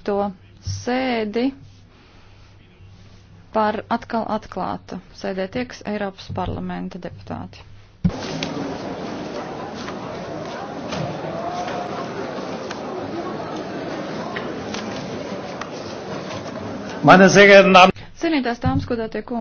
noslēgto sēdi par atkal atklātu. Sēdē tieks Eiropas parlamenta deputāti. Cienītās dāmas, godātie kungi!